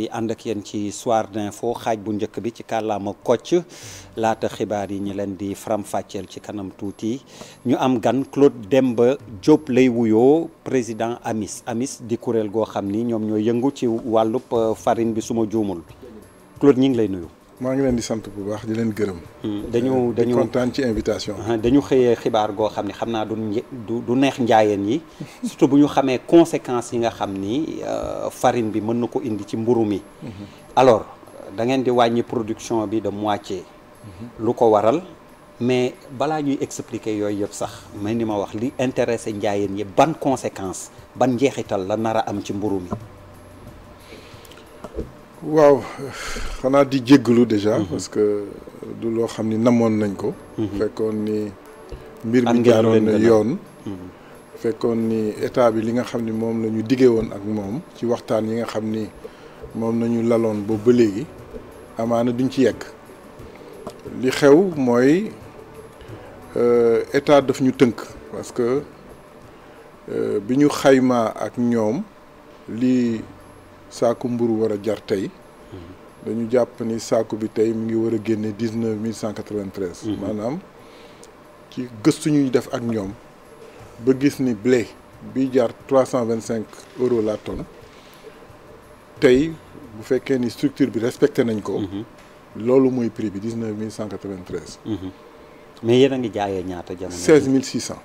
di ànd ak yenn ci soir d'info xaaj bu njëkk bi ci kàllaama Kocc laata xibaar yi ñu leen di faram-fàcceel ci kanam tuuti ñu am gan Claude Demba Diop lay wuyoo président Amis Amis di kuréel goo xam ni ñoom ñooy yëngu ci wàllu euh, farine bi suma juumul Claude ñi ngi lay nuyu. maa ngi leen di sant bu waax di leen gërëm. Hmm, dañu dañu invitation ah, dañu xëyee xibaar goo xam ne xam naa du du neex njaayeen yi surtout bu ñu xamee conséquences yi nga xam ni euh, farine bi mën na ko indi ci mburu mi. Mhm. alors da ngeen di wàññi production bi de moitié. Mhm. lu ko waral mais balaa ñuy expliquer yooyu yëpp sax may ni ma wax li intéressé njaayeen yi ban conséquence ban njeexital la nar a am ci mburu mi. waaw xanaa di jéggalu déjà mhm. parce que du loo xam ni namoon nañ ko mhm. fekkoon ni mbir mi jaaroon na yoon mhm. fekkoon ni état bi li nga xam ni moom lañu ñu woon ak moom ci waxtaan yi nga xam ni moom nañu laloon boobu ba léegi amaana duñ ci yegg li xew mooy euh, état daf ñu tënk parce que euh, bi ñu xaymaa ak ñoom lii saaku mburu war a jar tey mhm. dañu jàpp ni saaku bi tey mu ngi war a génne dix neuf mille cent quatre vingt treize mhm. maanaam ci gëstu ñuy def ak ñoom ba gis ni blé bi jar trois cent vingt cinq euros la tonne tey bu fekkee ni structure bi respecté nañ ko. Mhm. loolu mooy prix bi dix neuf mille cent quatre vingt treize. mais yéen a ngi jaayee ñaata jamono. seize mille six cent.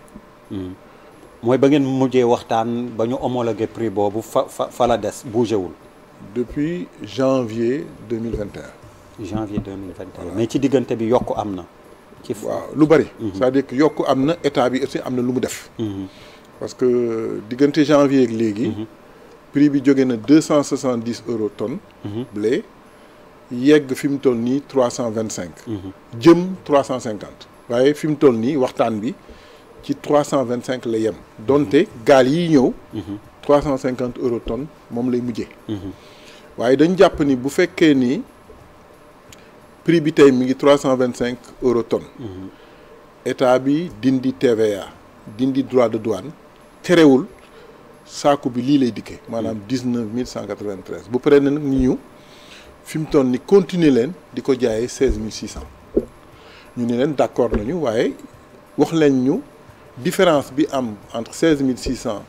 mooy ba ngeen mujjee waxtaan ba ñu homologué prix boobu fa fa fa la des bougé wul. depuis janvier 2021. janvier 2021 voilà. mais ci diggante bi yokk am na. ci waaw lu bari. Mhm. c'est-à-dire que yokk am na état bi aussi am na lu mu def. Mhm. parce que diggante janvier ak léegi. Mhm. prix bi jóge na deux cent soixante dix euros tonne. blé yegg fi mu toll nii trois cent vingt cinq. jëm trois cent cinquante. waaye fi mu toll nii waxtaan bi. ci trois cent vingt cinq la yem donte gaal yi ñëw mhm. trois cent cinquante euro moom lay mujjee mhm. waaye dañu jàpp ni bu fekkee ni prix bi tey mi ngi trois cent vingt cinq euro tonne mhm. bi dindi TVA dindi droit de douane terewul saaku bi lii lay dikkee maanaam dix neuf mille cent quatre vingt treize bu paree nag ñu ñëw fi mu toll ni continuer leen di ko jaayee seize mille six cent ñu ne leen d'accord nañu waaye wax leen ñu différence bi am entre seize mille six cent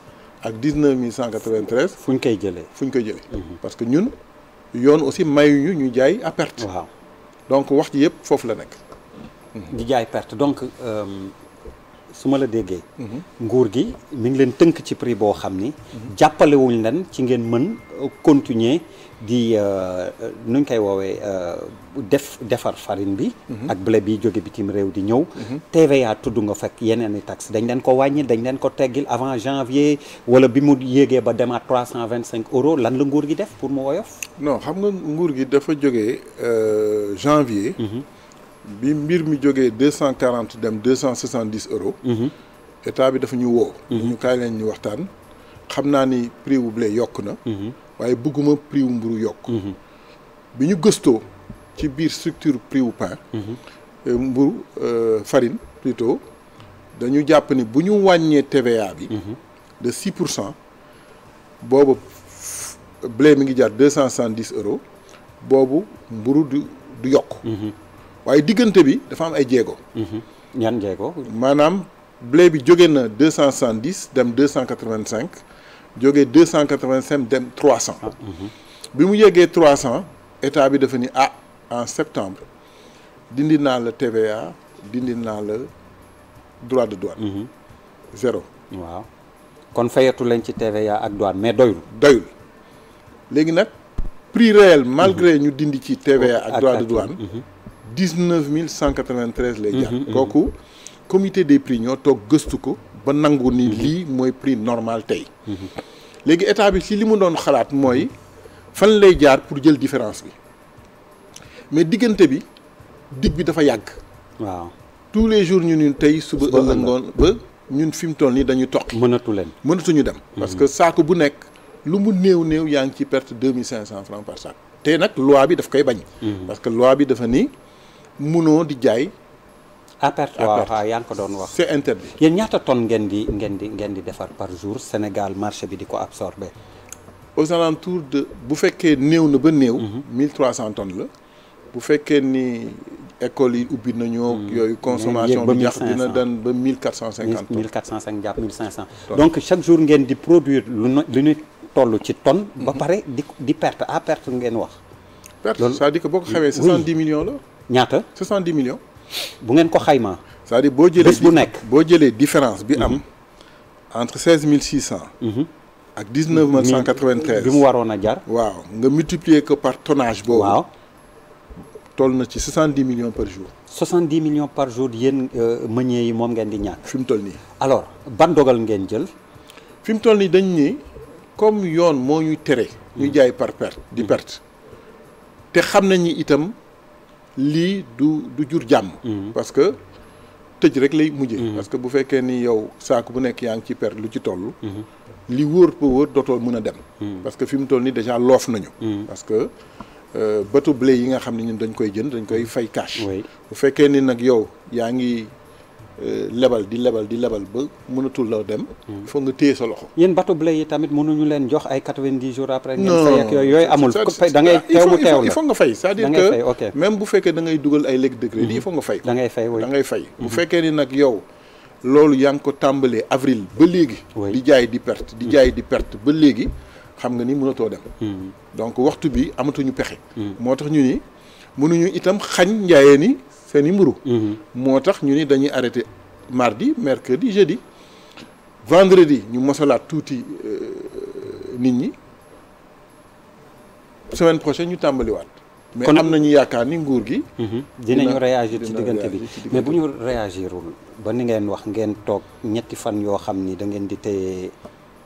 ak dix neuf mille cent quatre vingt treize. fu ñu koy jëlee fu ñu koy jëlee. Mhm. parce que ñun yoon aussi mayuñu ñu jaay à perte. donc wax ci yëpp foofu la nekk. Mhm. di jaay perte donc. Euh... su ma la déggee. Mhm. nguur gi mi ngi leen tënk ci prix boo xam ni. Mhm. jàppalewul leen ci ngeen mën euh, continuer di euh, ñu koy woowee euh, def defar farine bi. Mhm. ak blé bi jóge bitim réew di ñëw. TVA tudd nga fekk yeneen i taxes dañ leen ko wàññi dañ leen ko teggil avant janvier wala bi mu yéegee ba demaat trois cent vingt cinq euro lan la nguur gi def pour mu woyof. non xam nga nguur gi dafa jóge janvier. Mm bi mbir mi jógee deux cent quarante dem deux cent soixante dix euros. Mhm. état bi dafa ñu woo. Mhm. ñu kaay leen ñu waxtaan. xam naa ni prix wu blé yokk na. Mhm. waaye bëgguma prix wu mburu yokk. bi ñu gëstoo ci biir structure prix wu pain. Euh, mburu euh, farine plutôt dañu jàpp ni bu ñu wàññee TVA bi. de six pour cent boobu blé mi ngi jaar deux cent soixante dix euros boobu mburu du du yokk. waaye diggante bi dafa am ay jéego. Mhm. ñan jéego. maanaam blé bi jóge na deux cent soixante dix dem deux cent quatre cinq jóge deux cent quatre vingt cinq dem trois cent. Ah, mhm. bi mu yeggee trois cent état bi dafa ni ah en septembre dindi naa la TVA dindi naa la droit de douane. Mhm. zéro. waaw kon fayatu leen ci TVA ak douane mais doyul. doyul léegi nag pris réel malgré ñu dindi ci TVA ak droit de douane. dix-neuf mille cent quatre-vingt-treize lay mhm, mhm. kooku comité des prix ñoo toog gëstu ko ba nangu ni mhm. lii mooy prix normal tey léegi état bi ci li mu doon xalaat mooy fan lay jaar pour jël différence bi mais diggante bi digg bi dafa yàgg waaw tous les jours ñu ni tey suba ëllëg ngoon ba ñun fi mu toll nii dañu toqi mënatu leen mënatuñu dem parce que saako bu nekk lu mu néew néew yaa ngi ci perte deux mille cinq cent francs par sac tey nag loi bi daf koy bañ parce que loi bi dafa ni munoo di jaay. aperte waaw yaa ngi ko doon wax. c'est interdit. yéen ñaata tonnes ngeen di ngeen di ngeen di defar par jour Sénégal marché bi di ko absorber. aux alentours de bu fekkee néew na ba néew. 1300 mhm. tonnes la. bu fekkee ni écoles yi ubbi nañoo. Mhm. yooyu consommation bi ñax dina daan ba 1450. 1450 jàpp 1500. donc chaque jour ngeen di produire lu na lu ñu toll ci ton ba mhm. pare di di perte à perte ngeen wax. perte c'est-à-dire que boo ko xamee 70 millions la. ñaata. 70 millions. bu ngeen ko xaymaa. cest à boo jëlee bu nekk boo jëlee différence bi am. Mhm. entre 16600. Mhm. ak 19193. bi mu waroon a jar. waaw nga multiplier ko par tonnage boobu. waaw toll na ci 70 millions par jour. 70 millions par jour yéen euh, meunier yi moom ngeen di ñàkk. fi mu toll nii. alors ban dogal ngeen jël. fi mu toll nii dañ ni comme yoon moo ñu tere. Mhm. ñu jaay par perte di perte. te xam nañ ni itam. lii du du jur jàmm. Mhm. parce que tëj rek lay mujjee. Mhm. parce que bu fekkee ni yow saako bu nekk yaa ngi ci per lu ci toll. Mhm. lii wóor ba wóor dootoo mën a dem. parce que fi mu toll nii déjà loof nañu. parce que euh, bateau blé yi nga xam ne ñun dañ koy jën dañ koy fay cash. bu fekkee ni nag yow yaa ngi. Euh, lebal di lebal di lebal ba mënatul dem. Hmm. foog nga téye sa loxo. yéen bateau blé yi tamit mënuñu leen jox ay quatre-vingt-dix jours après. ngeen yooyu yooyu amul. da ngay teew mu teew la bu fekkee da ngay dugal ay lekk degré lii mhm. il faut nga fay. da ngay fay da ngay fay mhm. bu fekkee ni nag yow. loolu yaa ngi ko tàmbalee avril ba léegi. di jaay di perte di mhm. jaay di perte ba léegi xam nga ni mënatoo dem. donc waxtu bi amatuñu pexe. moo tax ñu ni mënuñu itam xañ njaayeen ni seen i mburu mhm. moo tax ñu ni dañuy arrêté mardi mercredi jeudi vendredi ñu mosalaat tuuti euh, nit ñi semaine prochaine ñu tàmbaliwaat. mais am nañu yaakaar ni nguur gi. Mhm. dinañu réagir ci diggante bi mais bu ñu réagirul ba ni ngeen wax ngeen toog ñetti fan yoo xam ni dangeen di téye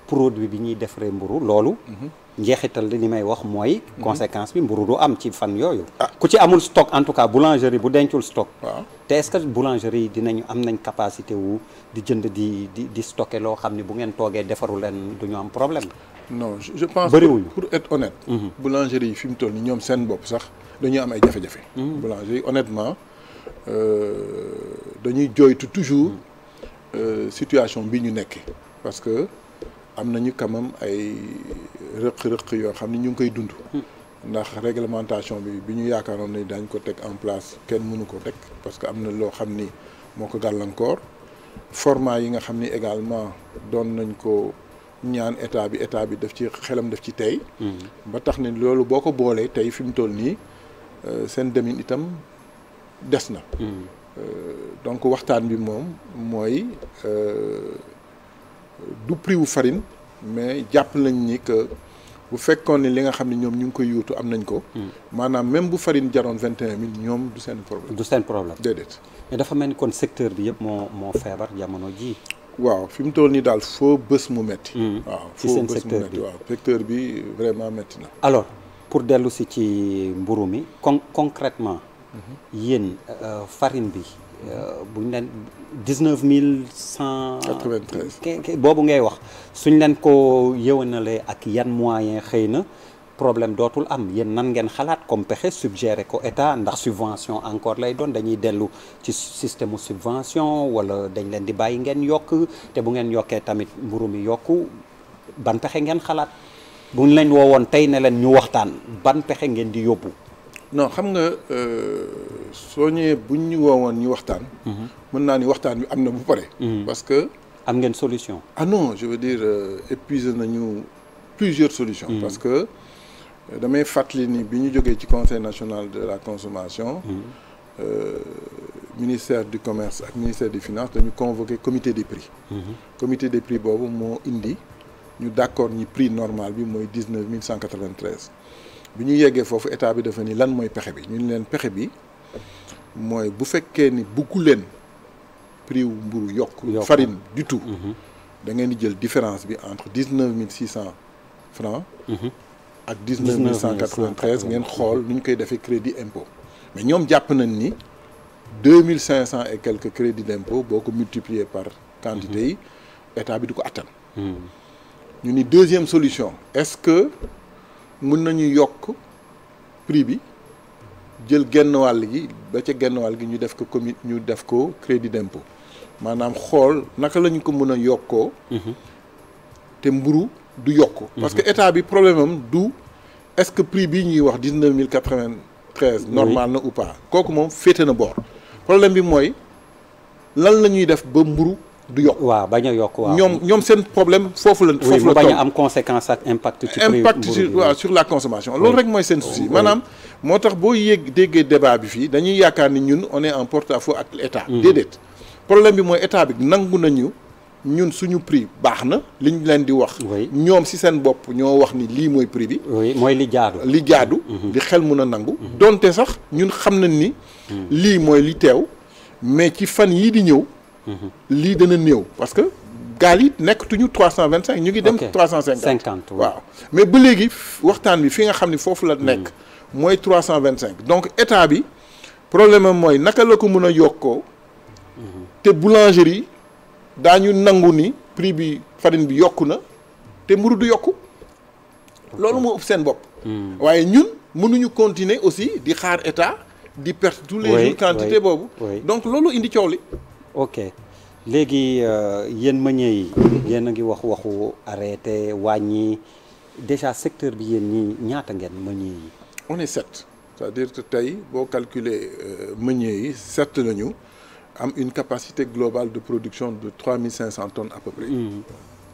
produit bi ñuy defaree mburu loolu. Mhm. njeexital li ni may wax mooy. Mhm. conséquence bi mburu du am ci fan yooyu. Ah. ku ci amul stock en tout cas boulangerie bu dencul stock. te est-ce que boulangerie yi dinañu am nañ capacité wu di jënd di di di stocké loo xam ne bu ngeen toogee defaru leen du am problème. non je pense bëriwuñu pour être honnête. Mhm. boulangerie yi fi mu toll ni ñoom seen bopp sax dañuy am ay jafe-jafe. Mhm. boulangerie yi honnêtement euh, dañuy jooytu toujours euh, situation bi ñu nekkee parce que am nañu quand même ay. rëq-rëq yoo xam ni ñu ngi koy dund. ndax réglementation bi bi ñu yaakaaroon ni dañ ko teg en place kenn mënu ko rek parce que am na loo xam ni moo ko gàllankoor format yi nga xam ni également doon nañ ko ñaan état bi état bi daf ci xelam daf ci tey. Mm-hmm. ba tax ni loolu boo ko boolee tey fi mu toll nii euh, seen demin itam des na. Mm-hmm. Euh, donc waxtaan bi moom mooy euh, du prix wu farine. mais jàpp nañ ni que bu fekkoon ni li nga xam ne ñoom ñu ngi koy yuutu am nañ ko. Hmm. maanaam même bu farine jaroon vingt et ñoom du seen problème. du seen problème de mais dafa mel ni kon secteur bi yëpp moo moo feebar jamono jii. waaw fi mu toll nii daal foo bës mu metti hmm. waaw foo bës mu metti waaw secteur bi vraiment metti na. alors pour dellu si ci mburu mi con concrètement mhm. yéen euh, farine bi. Euh, buñ leen dix-neuf mille cent quatre boobu ngay wax suñ leen ko yëwanalee ak yan moyen xëy na problème dootul am yéen nan ngeen xalaat comme pexe suggéré ko état ndax subvention encore lay doon dañuy dellu ci système subvention wala dañ leen di bàyyi ngeen yokk te bu ngeen yokkee tamit mburu mi yokku ban pexe ngeen xalaat buñ leen woon tey ne leen ñu waxtaan ban pexe ngeen di yóbbu non xam nga euh, soo ñëwee buñ ñu woowoon ñi waxtaan. Mhm. mën naa ni waxtaan bi am na bu pare. Mhm. parce que. am ngeen solution. ah non je veux dire euh, épuisé nañu plusieurs solutions. Mhm. parce que euh, damay fàttali ni bi ñu jógee ci conseil national de la consommation. Mmh. ministère du commerce ak ministère des finances dañu convoqué comité des prix. Mmh. comité des prix boobu moo indi ñu d' accord ñi prix normal bi mooy dix neuf mille cent quatre bi ñu yeggee foofu état bi dafa ni lan mooy pexe bi ñu ni leen pexe bi mooy bu fekkee ni buggu leen prix wu mburu yokk farine du tout mhm. da ngeen di jël différence bi entre dix-neuf mille six cent francs mhm. ak dix-neuf mille cent quatre-vingt-treize ngeen xool nu ñu koy defee crédit impôt mais ñoom jàpp nañ ni deux mille cinq cent et quelques crédits d'impôt boo ko multiplier par quantité mhm. yi état bi du ko attan ñu ni deuxième solution est-ce que mën nañu yokk prix bi jël genn wàll gi ba ca genn wàll gi ñu def ko commu ñu def ko crédit d'impôt maanaam xool naka lañu ko mën a yokkoo. Mhm. te mburu du yokk. parce que mhm. état bi problème am du est-ce que prix bii ñuy wax dix neuf mille quatre vingt normal na ou kooku moom féete na boor. problème bi mooy lan la ñuy def ba mburu du yokk. waaw bañ a yokk waaw ñoom ñoom seen problème foofu la. foofu a am conséquence ak impact. ci impact sur la consommation. loolu rek mooy seen souci maanaam moo tax boo yéeg déggee débat bi fii dañuy yaakaar ni ñun on est en porte-à-faux ak l'État. Mm. déedéet problème bi mooy état bi nangu nañu. ñun suñu prix baax na li ñu leen di wax. ñoom si seen bopp ñoo wax ni lii mooy prix bi. mooy li jaadu. li jaadu. Mm-hmm. li xel mun a nangu. Mm-hmm. donte sax ñun xam nañ ni. Mm. lii mooy li teew. mais ci fan yii di ñëw. lii dana néew parce que gaal yi nekkatuñu trois cent vingt cinq ñu ngi dem trois cent cinquante waaw mais ba léegi waxtaan bi fi nga xam ni foofu la nekk mooy trois cent vingt cinq donc état bi problème am mooy naka la ko mën a yokkoo te boulangerie daañu nangu ni prix bi farine bi yokku na te mburu du yokku loolu moo seen bopp hmm. waaye ñun mënuñu continuer aussi di xaar état di perte tous les jours quantité boobu donc loolu indi coow li ok léegi euh, yéen meunier yi yéen a ngi wax waxu arrêté wàññi déjà secteur bi yéen ñi ñaata ngeen meunier yi on est sept c'est-à-dire que tey boo calculer euh, meunier yi sept nañu am une capacité globale de production de 3500 tonnes à peu près. Mmh.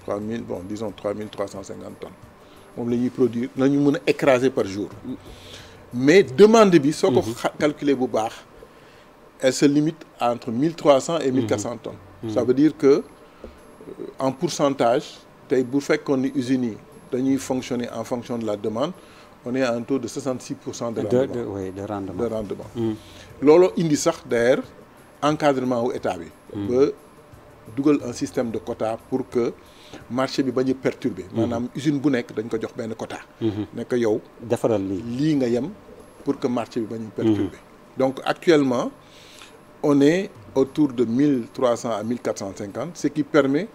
3000 bon disons 3350 tonnes moom la ñuy produire nañu mën a écraser par jour. Mm-hmm. mais demande bi. soo ko mm-hmm. calculer bu baax. elle se limite à entre 1300 et 1400 mhm. tonnes. Mhm. Ça veut dire que euh, en pourcentage tey bu fekkoon ni usines yi dañuy fonctionner en fonction de la demande on est à un taux de 66 pour cent de rendement de oui de looloo indi sax d'ailleurs encadrement wu état bi. Mhm. ba dugal un système de quota pour que marché bi bañ a perturber. maanaam usine bu nekk dañ ko jox benn quota. nekk yow. defaral lii nga yem pour que marché bi ba a perturber. donc actuellement. on est autour de 1300 à 1450 ce qui permet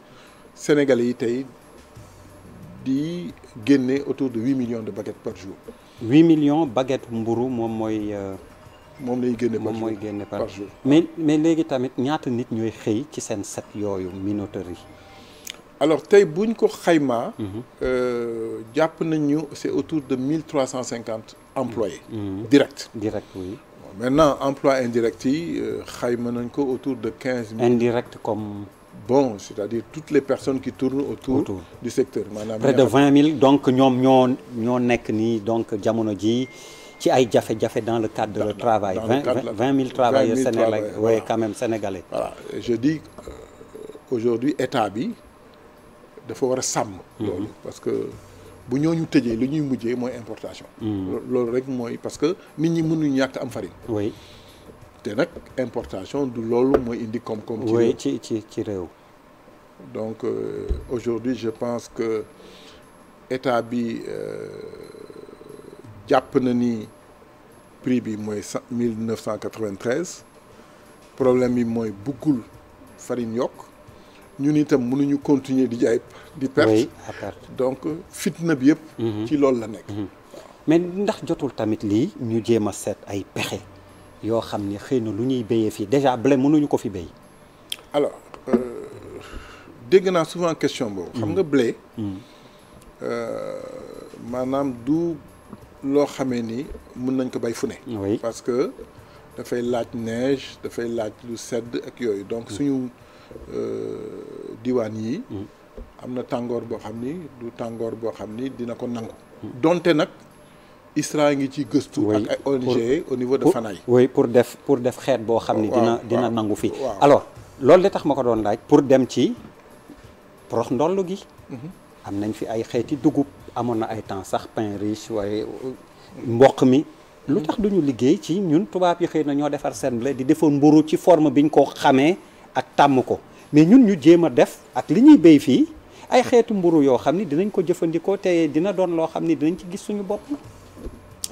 Sénégalais yi tey di génne autour de huit millions de baguettes par jour. 8 millions bagget mburu moom mooy. Euh, moom lay génne par jour moom mooy génne par mais mais léegi tamit ñaata nit ñuy xëy ci seen set yooyu minoterie yi. alors tey buñ ko xaymaa. Mhm. Euh, jàpp nañu ñu c'est autour de 1350 employés. Mmh. direct direct oui. maintenant emploi indirect yi euh, xayma nañ ko autour de quinze mille. indirect comme. bon c'est-à-dire toutes les personnes qui tournent autour, autour. du secteur maanaam. près de vingt mille donc ñoom ñoo ñoo nekk nii donc jamono ji ci ay jafe-jafe dans le cadre de dans, le travail. dans 20, le cadre vingt mille travailleurs sénégalais voilà. oui, quand même sénégalais. voilà Et je dis euh, aujourd'hui état bi dafa war a sàmm. loolu mhm. parce que. bu ñooñu tëjee lu ñuy mujjee mooy importation. Hmm. loolu rek mooy parce que nit ñi mënuñu ñàkk am farine. oui te nag importation du loolu mooy indi koom-koom. ci ci ci réew. donc euh, aujourd'hui je pense que état bi euh, jàpp na ni prix bi mooy cent mille neuf cent quatre problème bi mooy buggul farine yokk. ñun itam mënuñu continuer di jaay di perte donc fitna bi yëpp mhm. ci loolu la nekk mhm. mais ndax jotul tamit lii ñu jéem a seet ay pexe yoo xam ni xëy na lu ñuy béyee fii déjà blé mënuñu ko fi béy alors euh, dégg naa souvent question boobu xam mhm. nga blé euh, maanaam du loo xamee ni mun nañ ko bay fu ne parce que dafay laaj neige dafay laaj lu sedd ak yooyu donc suñu Euh, diwaan yii mm. am na tàngoor boo xam ni du tàngoor boo xam ni dina ko nangu donte nag ISRA ngi ci gëstu ak ay ONG au niveau de Fanaye oui pour def pour def xeet boo xam ni dina dina nangu fii alors loolu de tax ma ko doon laaj pour dem ci prox ndollu gi mhm. am nañ fi ay xeeti dugub amoon na ay temps sax pain riche waaye mboq mi lu tax duñu liggéey ci ñun tubaab yi xëy na ñoo defar seen blé di defoon mburu ci forme biñ ko xamee ak tàmm ko mais ñun ñu jéem a def ak li ñuy béy fii ay xeetu mburu yoo xam ni dinañ ko jëfandikoo te dina doon loo xam ni dinañ ci gis suñu bopp.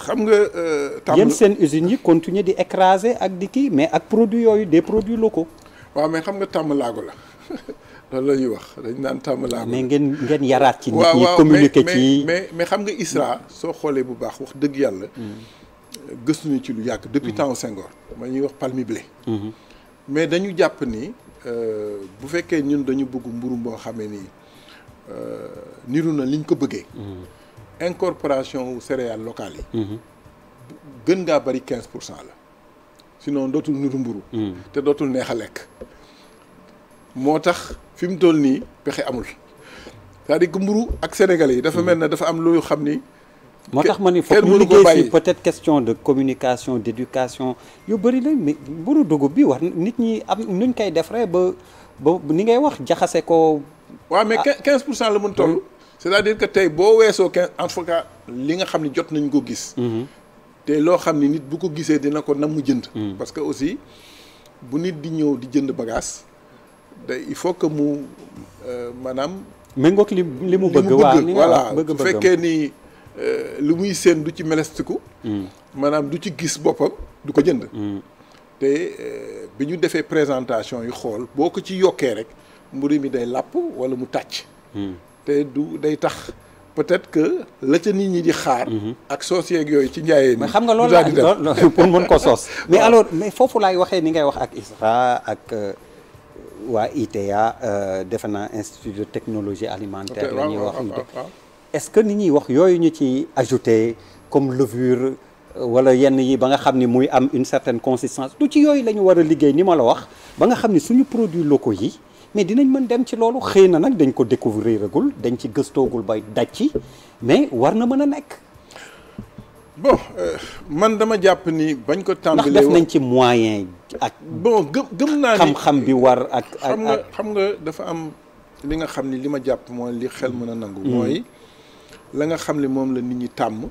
xam nga. Euh, tàmm yéen seen usines yi continuer di écraser ak di kii mais ak produits yooyu des produits locaux. waaw mais xam nga tàmm laago la loolu la ñuy wax dañ naan tàmm laago. mais ngeen ngeen yaraat ci. nit ñi communiquer ci mais mais xam nga ISRA soo xoolee bu baax wax dëgg yàlla. Mm. gëstu na ci lu yàgg. depuis mm. temps Senghor. ma ñuy wax palmi blé. Mm-hmm. mais dañu jàpp ni. Euh, bu fekkee ñun dañu bëgg mburu boo xamee ni euh, niru na liñ ko bëggee. Mm-hmm. incorporation wu céréales locales yi. Mm-hmm. gën ngaa bari quinze pour cent la sinon dootul niru mburu mm-hmm. te dootul neex a lekk. moo tax fi mu toll nii pexe amul c'est-à-dire mburu ak sénégal yi dafa mel ne dafa am lu xam ni. moo tax ma ni foog ñu liggéey fii peut-être question de communication d'éducation yu bëri la bu mburu dugub bi war nit ñi am nuñ koy def ree ba ba ni ngay wax jaxase ko waaw mais ah. quinze pour cent la mën toll c'est-à-dire que tey boo weesoo quinze en tout li nga xam ne jot nañ ko gis mm-hmm. te loo xam ne nit bu ko gisee dina ko nam mu jënd mm. parce que aussi bu nit di ñëw di jënd bagage day il faut que mu euh, maanaam méngoog li li mu bëgg waaw voilà bu fekkee nii Euh, lu muy seen du ci melestiku hmm. maanaam du ci gis boppam du ko jënd hmm. te euh, bi ñu defee présentation yu xool boo ko ci yokkee rek mburu mi day làpp walla mu tàcc hmm. te du day tax peut-être que la ca nit ñi di xaar. ak soos yooyu ci njaayeen. mais xam nga loolu la pour mën ko soos. mais alors mais foofu laay waxee ni ngay wax ak ISRA ak euh, waa ITA defe naa institut de technologie alimentaire. la ñuy wax est-ce que ni ñuy wax yooyu ñu ci ajouté comme levure euh, wala yenn yi ba nga xam ni muy am une certaine consistance lu ci yooyu la war a liggéey ni ma la wax ba nga xam ni suñu produits locaux yi mais dinañ mën dem ci loolu xëy na nag dañ ko découvrir agul dañ ci gëstoogul bay daj ci mais war na mën a nekk bon euh, man dama jàpp ni bañ ko tàmbalee ndax def nañ ci moyen ak bon gëm gëm naa ni xam-xam bi war ak xam nga xam nga dafa am li nga xam ni li ma jàpp mooy li xel mën a nangu mm. mooy la nga xam ne moom la nit ñi tàmm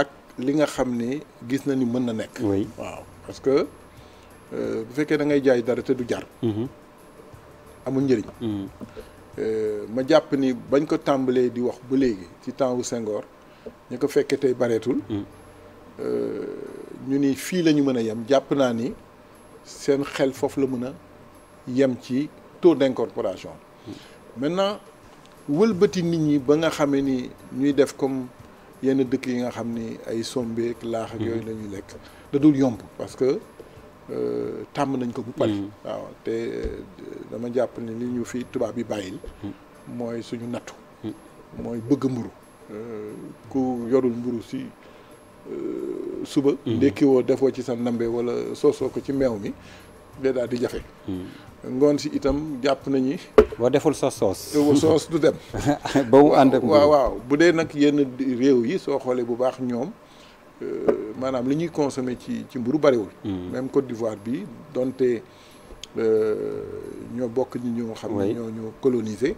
ak li nga xam ne gis na ni mën na nekk. waaw parce que euh, bu fekkee da ngay jaay dara te du jar. Mm-hmm. amul njëriñ. Mm-hmm. Euh, ma jàpp ni bañ ko tàmbalee di wax ba léegi ci temps wu sengoor ñu ko fekkee tey bareetul. Mm. Euh, ñu ni fii la ñu mën a yem jàpp naa ni seen xel foofu la mën a yem ci taux d'incorporation mm. maintenant. wëlbati nit ñi ba nga xamee ni ñuy def comme yenn dëkk yi nga xam ni ay sombeek laax yooyu mhm. la lekk da yomb parce que euh, tàmm nañ ko bu pare mhm. waaw te euh, dama jàpp ni li ñu fi tubaab yi bàyyil mhm. mooy suñu nattu mooy bëgg mburu euh, ku yorul mburu si suba ndekki defoo ci sa ndambe wala soosoo ko ci meew mi day daal di jafe. Hmm. ngoon si itam jàpp nañu. boo deful soos soos. soos du dem. ba mu ànd ak waaw waaw bu dee nag yenn réew yi soo xoolee bu baax ñoom euh, maanaam li ñuy consommer ci ci mburu bariwul. Hmm. même Côte d'Ivoire bi donte. Euh, ñoo bokk ñi ñoo xam ne ñoo ñu colonisé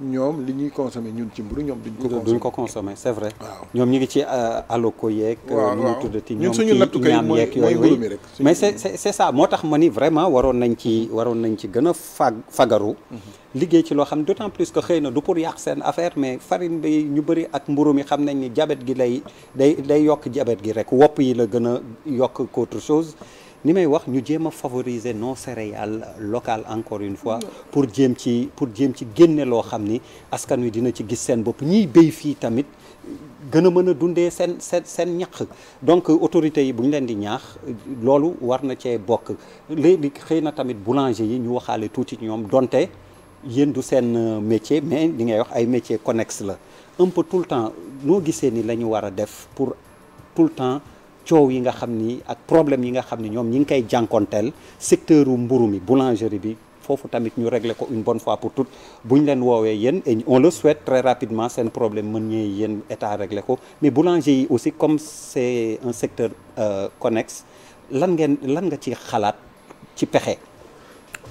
ñoom li ñuy consommé ñun ci mburu ñoom duñ ko consommé c'est vrai waaw ñoom ñu ngi ci euh, aloko yeeg euh, nu mu tuddati ñoom suñu ñaam yeeg yooyu rek mais c'est c'est ça moo tax ma ni vraiment waroon nañ ci waroon nañ ci gën a fag fagaru mhm. liggéey ci loo xam ne d'autant plus que xëy na du pour yàq seen affaire mais farine bi ñu bëri ak mburu mi xam nañ ni jabet gi lay day day yokk jabet gi rek wopp yi la gën a yokk autre chose li may wax ñu jéem a favoriser nos céréales locales encore une fois pour jéem ci pour jéem ci génne loo xam ni askan wi dina ci gis seen bopp ñiy béy fii tamit gën a mën a dundee seen seen seen ñaq donc autorités yi bu ñu leen di ñaax loolu war na cee bokk léegi xëy na tamit boulanger yi ñu waxaale tuuti ñoom donte yéen du seen euh, métier mais li ngay wax ay métier connexe la un peu tout le temps noo gisee ni la ñu war a def pour tout le temps coow yi nga xam ni ak problème yi nga xam ni ñoom ñi ngi koy jànkonteel secteur mburu mi boulangerie bi foofu tamit ñu régler ko une bonne fois pour tout bu ñu leen woowee yéen et on le souhaite très rapidement seen problème mën ñee yéen état régler ko mais boulanger yi aussi comme c'est un secteur euh, connexe lan ngeen lan nga ci xalaat ci pexe.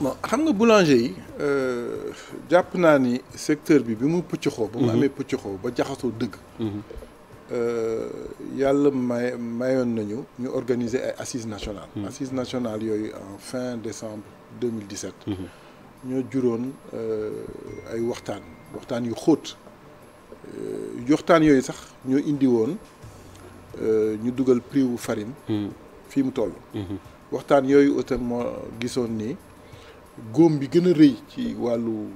bon xam nga boulanger yi euh, jàpp naa ni secteur bi bi mu pucc xoo ba mu mhm. amee pucc xoo ba jaxasoo dëgg. Mhm. Euh, yàlla may mayoon nañu ñu organiser ay assises nationales. Hmm. assises nationales yooyu en fin décembre 2017. Hmm. ñoo juróon euh, ay waxtaan waxtaan yu xóot euh, waxtaan yooyu sax ñoo indi woon ñu dugal prix wu farine. Hmm. mu toll. waxtaan yooyu itam moo gisoon ni góom bi gën a rëy ci wàllu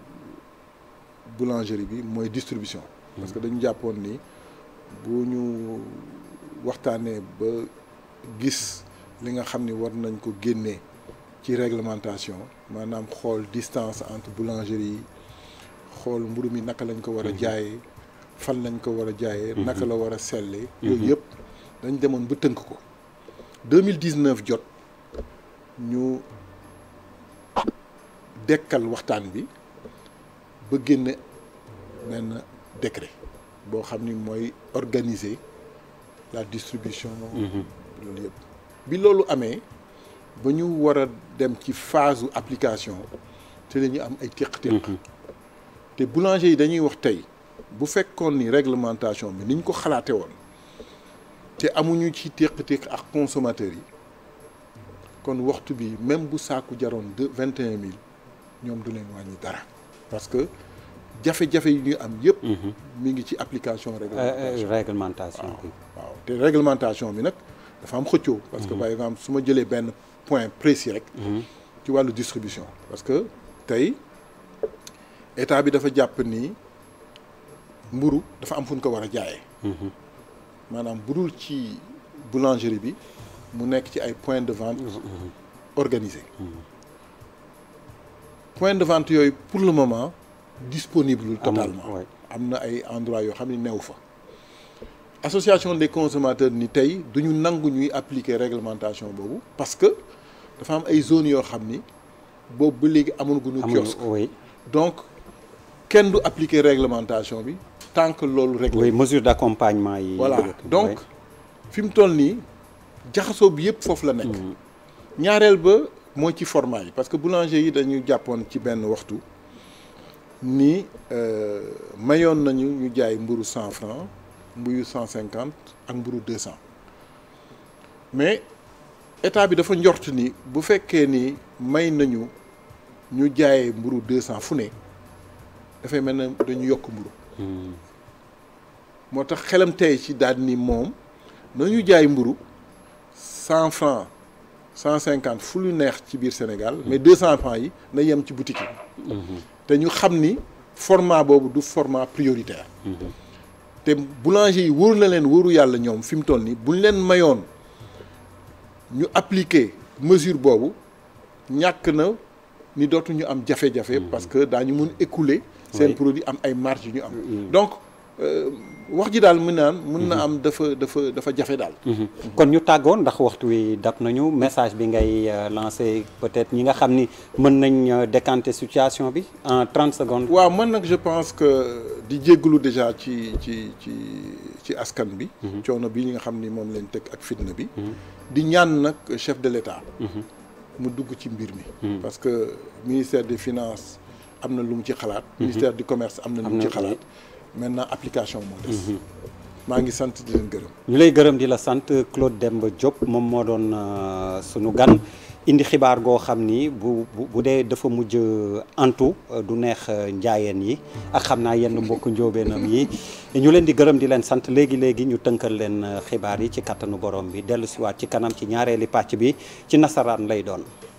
boulangerie bi mooy distribution. parce dañu jàppoon ni. bu ñu waxtaanee ba gis li nga xam ni war nañ ko génnee ci réglementation maanaam xool distance entre boulangerie yi xool mburu mi naka lañ ko war a mhm. jaayee fan lañ ko war a jaayee mhm. naka la war a selle mhm. yooyu yëpp dañ demoon ba tënk ko 2019 jot ñu dekkal waxtaan bi ba génne benn décret boo xam ni mooy organiser la distribution. Mhm. loolu yëpp bi loolu amee ba ñu war a dem ci phase application te la am ay téq-téq mhm. te boulanger yi dañuy wax tey bu fekkoon ni réglementation bi ni ñu ko xalaate woon te amuñu ci téq-téq ak consommateurs yi kon waxtu bi même bu saaku jaroon de vingt et mille ñoom du leen wàññi dara parce jafe-jafe yu ñu am yëpp. Mhm. mi ngi ci application réglementation euh, euh, réglementation bi waaw te réglementation bi nag dafa am xëccoo. parce que mhm. par exemple su ma jëlee benn point précis rek. Mhm. ci wàllu distribution. parce que tey état bi dafa jàpp ni mburu dafa am fu ko war a jaayee. maanaam bu dul ci boulangerie bi mu nekk ci ay point de vente. organiser point de vente yooyu pour le moment. disponible totalement am na ay endroit yoo xam ne new fa association des consommateurs ni tey duñu nangu ñuy appliquer réglementation boobu parce que dafa am ay zones yoo xam ni boobu ba léegi amul guñu kiosque donc kenn du appliquer réglementation bi tant que loolu rek oui mesure d'accompagnement yi voilà donc fi mu toll nii jaxasoo bi yëpp foofu la nekk mm. ñaareel ba mooy ci format yi parce que boulanger yi dañu jàppoon ci benn waxtu ni euh, mayoon nañu ñu jaay mburu cent franc mburu cent cinquante ak mburu deux cent mais état bi dafa njort ni bu fekkee ni may nañu ñu jaaye mburu deux cent fu ne dafay mel ne dañu yokk mburu hmm. moo tax xelam tey ci daal ni moom nañu jaay mburu cent franc cent cinquante fu lu neex ci biir Sénégal hmm. mais deux cent franc yi na yem ci boutique te xam ni format boobu du format prioritaire. te boulanger yi wóor na leen wóoru yàlla ñoom fi mu toll nii ñu leen mayoon ñu appliquer mesure boobu ñàkk na ni dootuñu am jafe-jafe. Mm. parce que daañu mun écouler. seen produit am ay marge yu ñu am. Mm. Euh, wax ji daal mën naan mën na am dafa dafa dafa jafe daal. Mhm. kon ñu tàggoon ndax waxtu wi dab nañu message bi ngay euh, lancé peut-être ñi nga xam ni mën nañ euh, décanter situation bi en trent secondes. waaw man nag je pense que di jégalu déjà ci ci ci ci askan bi. Mhm. coono bi ñi nga xam ni moom lañ teg ak fitna bi. Mhm. di ñaan nag chef de l'État. mu dugg ci mbir mi. parce que ministère de finances am na lu mu ci xalaat. ministère du commerce am na lu mu ci xalaat. maintenant application moo mhm. maa ngi sant di leen gërëm. ñu lay gërëm di la sant Claude Demba Diop moom moo doon euh, sunu gan indi xibaar goo xam ni bu bu dee dafa mujj euh, antu euh, du neex njaayeen yi ak xam naa yenn mbokk njóobeenam yi ñu leen di gërëm di leen sant léegi léegi ñu tënkal leen xibaar yi ci kattanu borom bi dellu siwaat ci kanam ci ñaareeli pàcc bi ci nasaraan lay doon.